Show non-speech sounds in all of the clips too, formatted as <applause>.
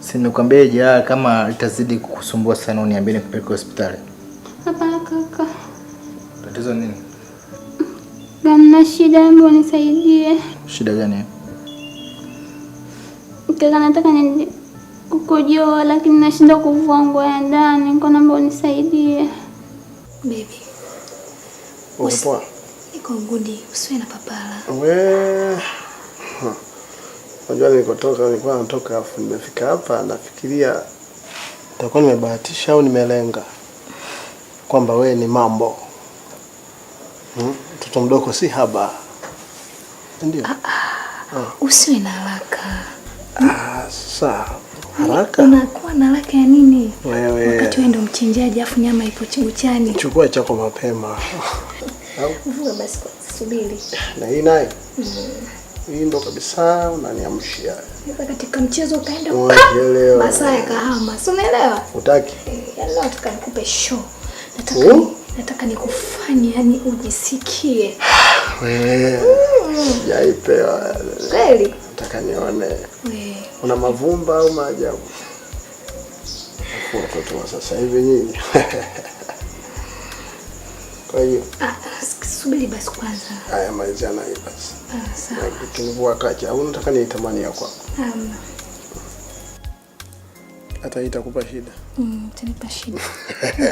Si nikwambia kama itazidi kukusumbua sana uniambie nikupeleke hospitali. Hapana kaka. Tatizo nini? Bana shida, hebu unisaidie. Shida gani? Kaka, nataka ni kukojoa lakini nashindwa kuvua nguo ya ndani. Niko naomba unisaidie. Baby. Usipo. Iko ngudi, usiwe na papara. Wewe. Unajua nilikotoka nilikuwa natoka afu nimefika hapa nafikiria nitakuwa nimebahatisha au nimelenga kwamba we ni mambo hmm? mtoto hmm? mdogo si haba ndio. Ah, ah, ah, usiwe na haraka ah, sasa haraka unakuwa na haraka ya nini? Wewe wakati wewe ndo mchinjaji afu nyama ipo chuguchani, Chukua chako mapema. <laughs> Vuka basi, subiri na hii naye mm. Hii kabisa unaniamshia. Nipa katika mchezo ukaenda Masaa ya kahama. Si Utaki. Eh, yaani nataka nikupe show. Nataka mm? Nataka nikufanye yani ujisikie. Wewe. Mm. Sijaipewa. Kweli? Nataka nione. Wewe. Eh. Una mavumba au maajabu? Watoto wa sasa hivi nyinyi. <laughs> Kwa hiyo. Ah, Subiri basi kwanza. Haya malizia na hii basi. Ah, sawa. Tunivua kacha. Au unataka ni tamani ya kwako? Hamna. Um, hata itakupa shida. Mm, itanipa shida.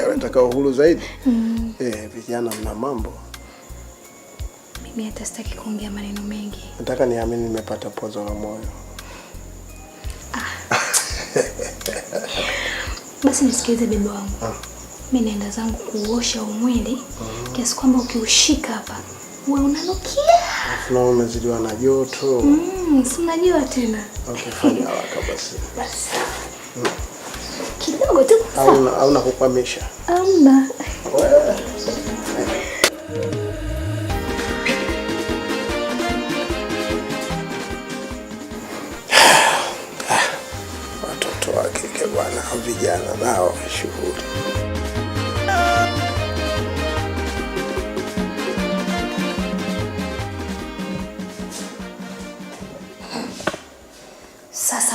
<laughs> Unataka uhuru zaidi? Mm. Eh, vijana mna mambo. Mimi hata sitaki kuongea maneno mengi. Nataka niamini nimepata pozo la moyo. Ah. <laughs> Basi nisikilize bibi wangu. Ah mi naenda zangu kuuosha umwili kiasi kwamba ukiushika hapa uwe unanukia, na umezidiwa na joto mm, si unajua tena. Okay, haraka basi mm. <laughs> kidogo tu, hauna nakukwamisha? Hamna. <sighs> Ah, watoto wa kike bwana, vijana nao shughuli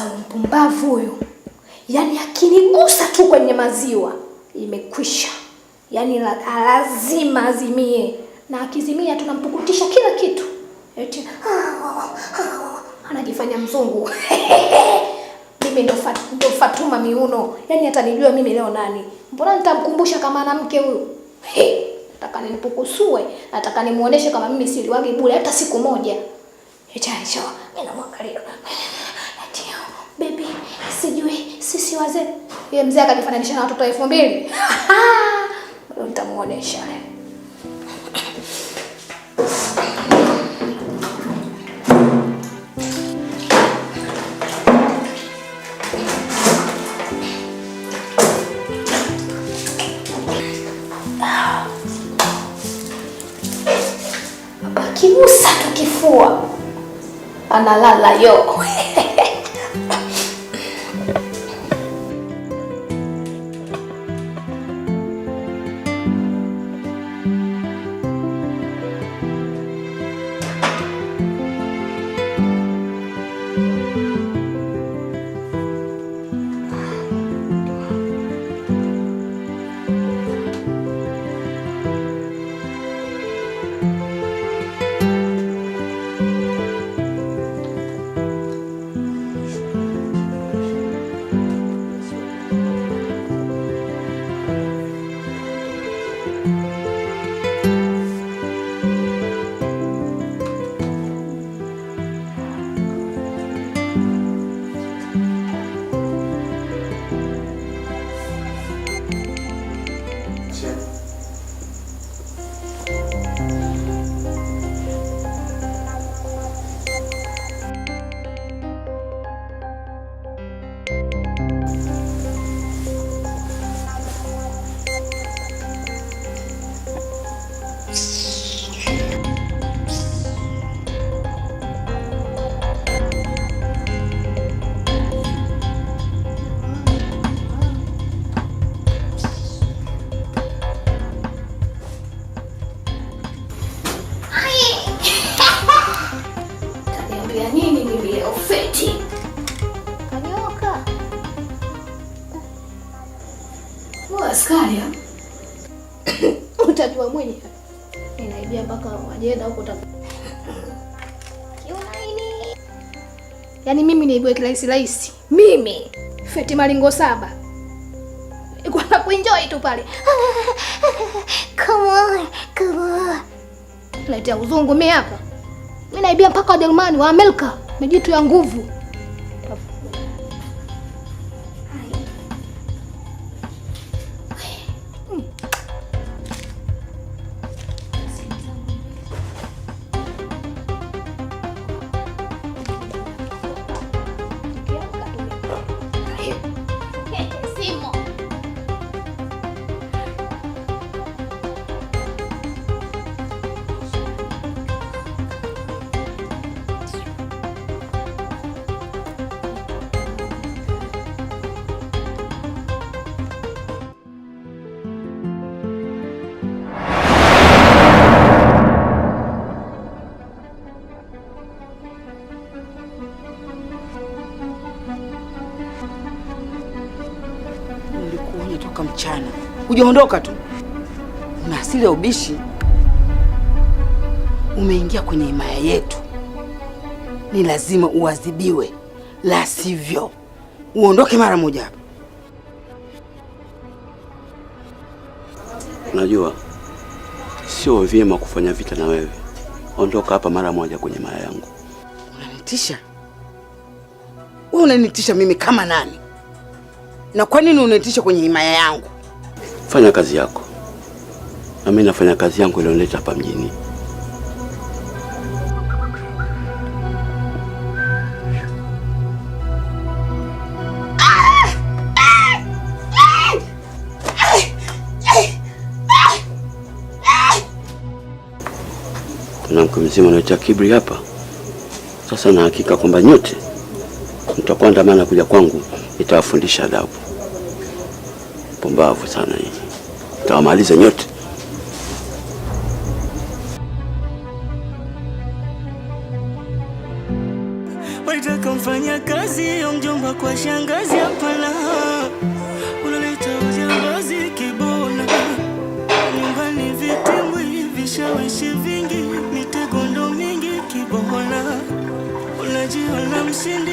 Sasa mpumbavu huyu, yaani akinigusa tu kwenye maziwa imekwisha, yaani lazima azimie, na akizimia tunampukutisha kila kitu, eti ah, ah, ah, anajifanya mzungu <laughs> mimi ndo Fatuma Miuno, yaani atanijua mimi leo nani? Mbona nitamkumbusha kama ana mke huyu? Nataka nimpukusue, nataka nimuoneshe kama mimi siliwagi bure hata siku moja. Itaisha, mimi namwangalia sisi wazee. Yeye mzee akajifananisha na watoto elfu mbili. Nitamuonesha. <laughs> Ah, Kimusa tukifua analala yoko askari <coughs> utajua mwenyewe. ninaibia mpaka wajenda huko ta Yaani mimi naibiwa kirahisi rahisi, mimi feti maringo saba kwa kuenjoy tu pale. <laughs> Come uzungu mimi hapa, mi naibia mpaka Wajerumani wa Amerika, mijitu ya nguvu toka mchana, hujaondoka tu, una asili ya ubishi, umeingia kwenye himaya yetu. Ni lazima uadhibiwe, la sivyo uondoke mara moja hapa. Unajua sio vyema kufanya vita na wewe, ondoka hapa mara moja kwenye maya yangu. Unanitisha wewe, unanitisha mimi kama nani? Na kwa nini unaitisha kwenye himaya yangu? Fanya kazi yako, na mimi nafanya kazi yangu ilionileta hapa mjini. Mwanamke mzima anaita kibri hapa sasa, na hakika kwamba nyote ndamana kuja kwangu itawafundisha adabu. Pumbavu sana hivi, itawamaliza nyote. Waitaka mfanya kazi ya mjomba kwa shangazi, hapana. Unaleta ujabazi kibona nyumbani, vitimbwi vishawishi vingi, mitego ndo mingi, kibona unajiona mshindi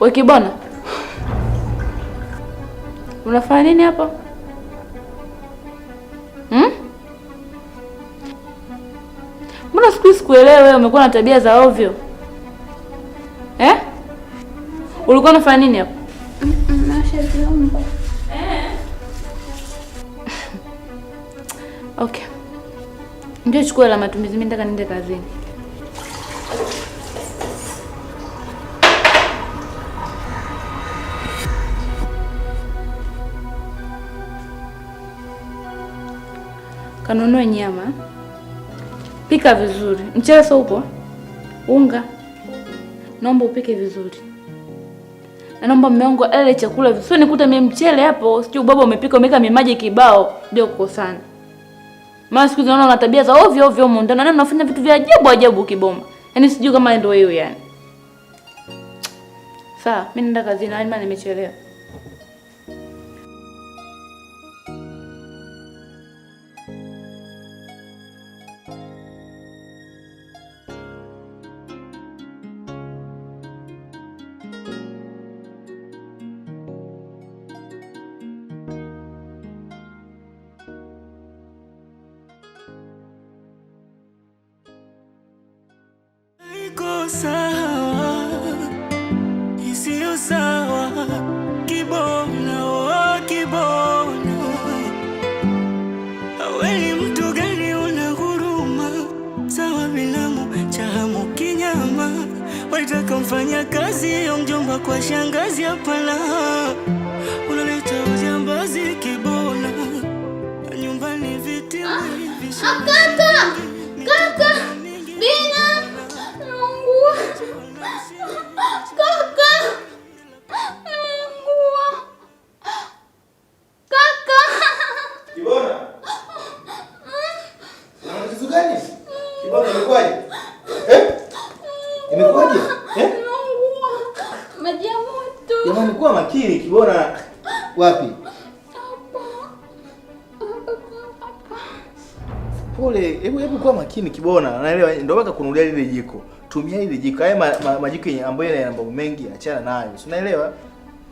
We kibwana, unafanya nini hapa hmm? Mbona siku hizi sikuelewi, wewe umekuwa na tabia za ovyo eh? Ulikuwa unafanya nini hapa? <laughs> Okay, ndio chukua la matumizi, mimi nataka niende kazini. kanunue nyama, pika vizuri. Mchele sio upo, unga naomba upike vizuri, na naomba mume wangu ale chakula vizuri, sio nikuta mimi mchele hapo, sijui baba umepika umeweka mimaji kibao, ndio sana. Maana siku zinaona una tabia za ovyo ovyo huko ndani, na yaani unafanya vitu vya ajabu ajabu kiboma, yaani sijui kama ndio wewe yani. Sawa, mimi nenda kazini, nimechelewa. sawa, isiyo sawa, kibona oh, kibona Aweli mtu gani una huruma sawa, bilamu chahamu kinyama, waitaka mfanya kazi yo mjomba kwa shangazi hapana ukibona, unaelewa, ndio mpaka kununulia lile jiko. Tumia ile jiko, haya ma, majiko yenye ambayo yana mambo mengi, achana nayo, si unaelewa?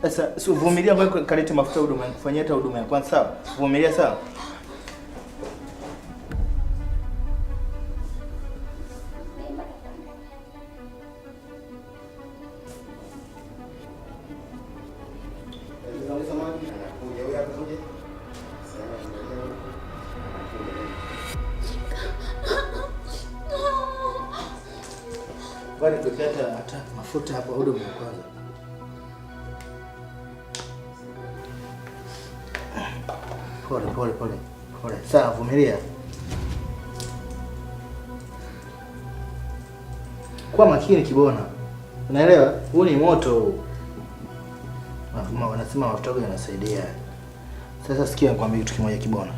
Sasa si uvumilia, ngoja kalete mafuta huduma, kufanyia hata huduma ya kwanza, sawa? Vumilia, sawa pole pole pole pole, sawa, vumilia, kwa makini Kibona, unaelewa huu ni moto. Wanasema mafuta yanasaidia. Sasa sikia, nikwambie kitu kimoja Kibona,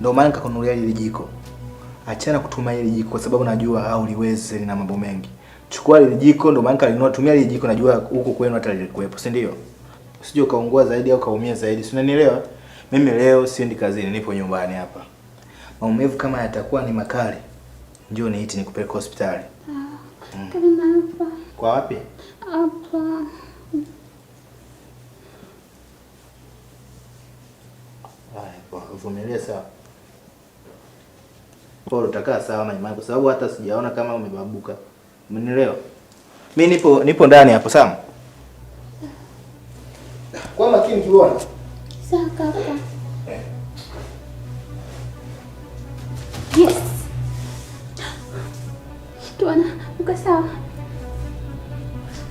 ndio maana nikakunulia hili jiko. Achana kutumia hili jiko kwa sababu najua au liweze lina mambo mengi. Chukua hili jiko, ndio maana nikalinua. Tumia hili jiko, najua huko kwenu hata lilikuwepo, si ndio? Usije ukaungua zaidi au kaumia zaidi, si unanielewa? Mimi leo siendi kazini, nipo nyumbani hapa. Maumivu kama yatakuwa ni makali, njoo niiti nikupeleke hospitali. Ah, mm. Hapa. Kwa wapi? Hapa. Vumilia sawa. Pole, utakaa sawa manyamani kwa sababu hata sijaona kama umebabuka. Umenielewa? mi nipo nipo ndani hapo, sawa? Kwa makini kiona. Sakaka. Yes. Tuana, uko sawa?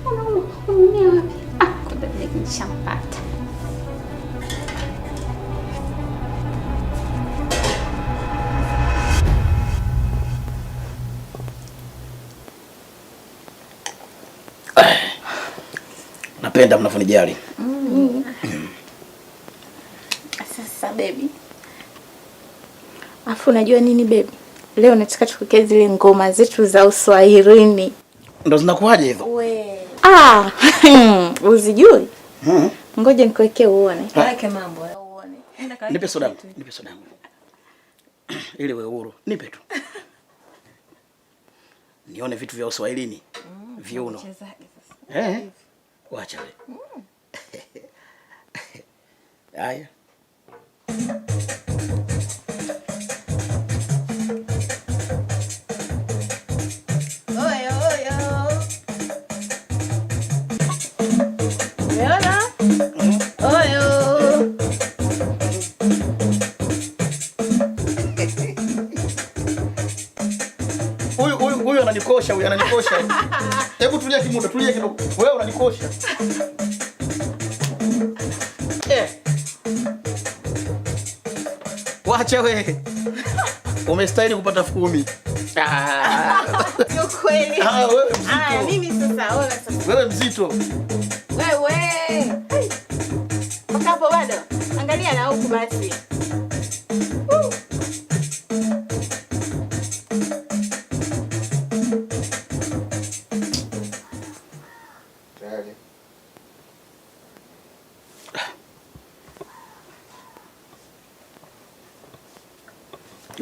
Unaona umeumia wapi? Ah, kumbe begi nishampata. Napenda mnavyonijali. Afu unajua nini baby? Leo nataka tukuke zile ngoma zetu za uswahilini. Ndio zinakuaje hizo? We. Ah, <laughs> uzijui? Mhm. Ngoja nikuwekee uone. Yake mambo ya uone. Nipe soda. Nipe soda. Ili wewe huru. Nipe tu. <laughs> Nione vitu vya uswahilini. Mm, viuno. Eh. Wacha wewe. Mm. <laughs> Aya. ananikosha huyu, ananikosha. <laughs> Hebu tulia kimuda, tulia kidogo. Wewe unanikosha. Eh. Wacha wewe. Umestahili kupata elfu kumi. Ah, ah, wewe mzito. Wewe. Hapo bado. Angalia na huku basi.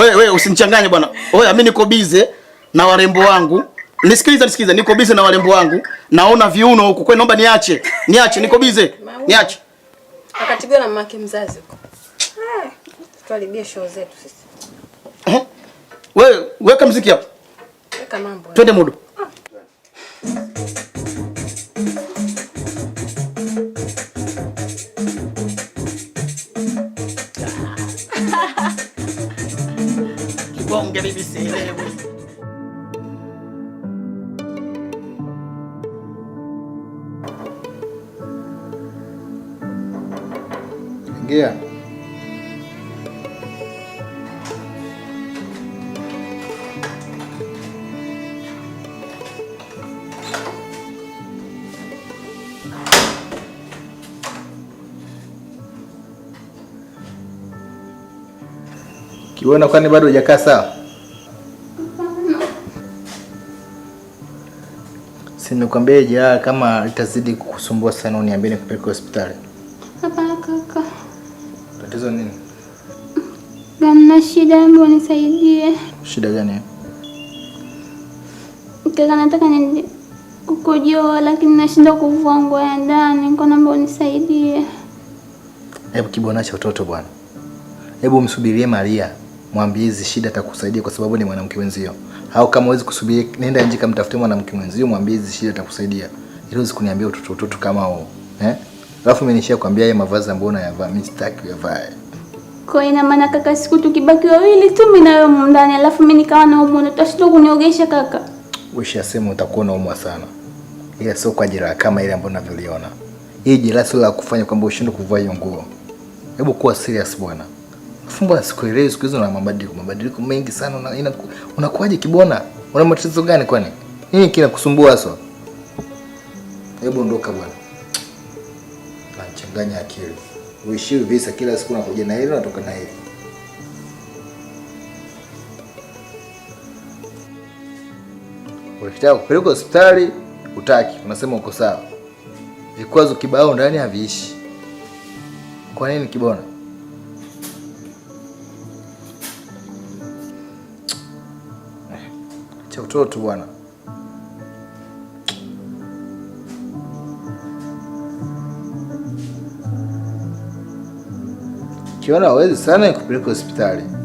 wewe wewe usinichanganye bwana. Oya, mimi niko busy na warembo wangu. Nisikiliza, nisikiliza, niko busy na warembo wangu. Naona viuno huko. Kwa naomba niache. Niache, niko busy. Niache. Akatibia na mamake mzazi huko. Eh, Tutaribia show zetu sisi. Eh? Wewe weka muziki hapo. Weka mambo. Twende mudo. Kiona, kwani bado hujakaa sawa? Si nikwambia ah, kama itazidi kukusumbua sana uniambie nikupeleke hospitali. Hapana kaka. Tatizo nini? Hamna shida, mbona nisaidie. Shida gani? Kaka, nataka niende kukojoa lakini nashindwa kuvua nguo ya ndani, niko naomba unisaidie. Hebu kibonacha utoto bwana. Hebu msubirie Maria mwambie hizi shida, atakusaidia kwa sababu ni mwanamke mwenzio. Au kama huwezi kusubiri, nenda nje, kamtafute mwanamke mwenzio, mwambie hizi shida, atakusaidia ili kuniambia utoto utoto kama huo eh. Alafu mimi nishia kuambia haya mavazi ambayo unayavaa mimi sitaki uyavae. Kwa ina maana kaka, siku tukibaki wawili tu mimi na wewe ndani, alafu mimi nikawa na umu, utashinda kuniogesha kaka. Ushasema utakuwa na umwa sana, ila sio kwa jeraha kama ile ambayo unavyoliona. Hii jeraha sio la kufanya kwamba ushindwe kuvaa hiyo nguo. Hebu kuwa serious bwana. Fumba sikuelewi siku hizo na mabadiliko mabadiliko mengi sana una, unakuwaje Kibona? Una matatizo gani kwani? Nini kusumbua hasa? Hebu ondoka bwana. Nachanganya akili. uishi visa kila siku unakuja na hilo natoka na hili. Unataka kupeleka hospitali utaki, unasema uko sawa. Vikwazo kibao ndani haviishi. Kwa nini Kibona? mtoto bwana. Kiona hawezi sana kupeleka hospitali.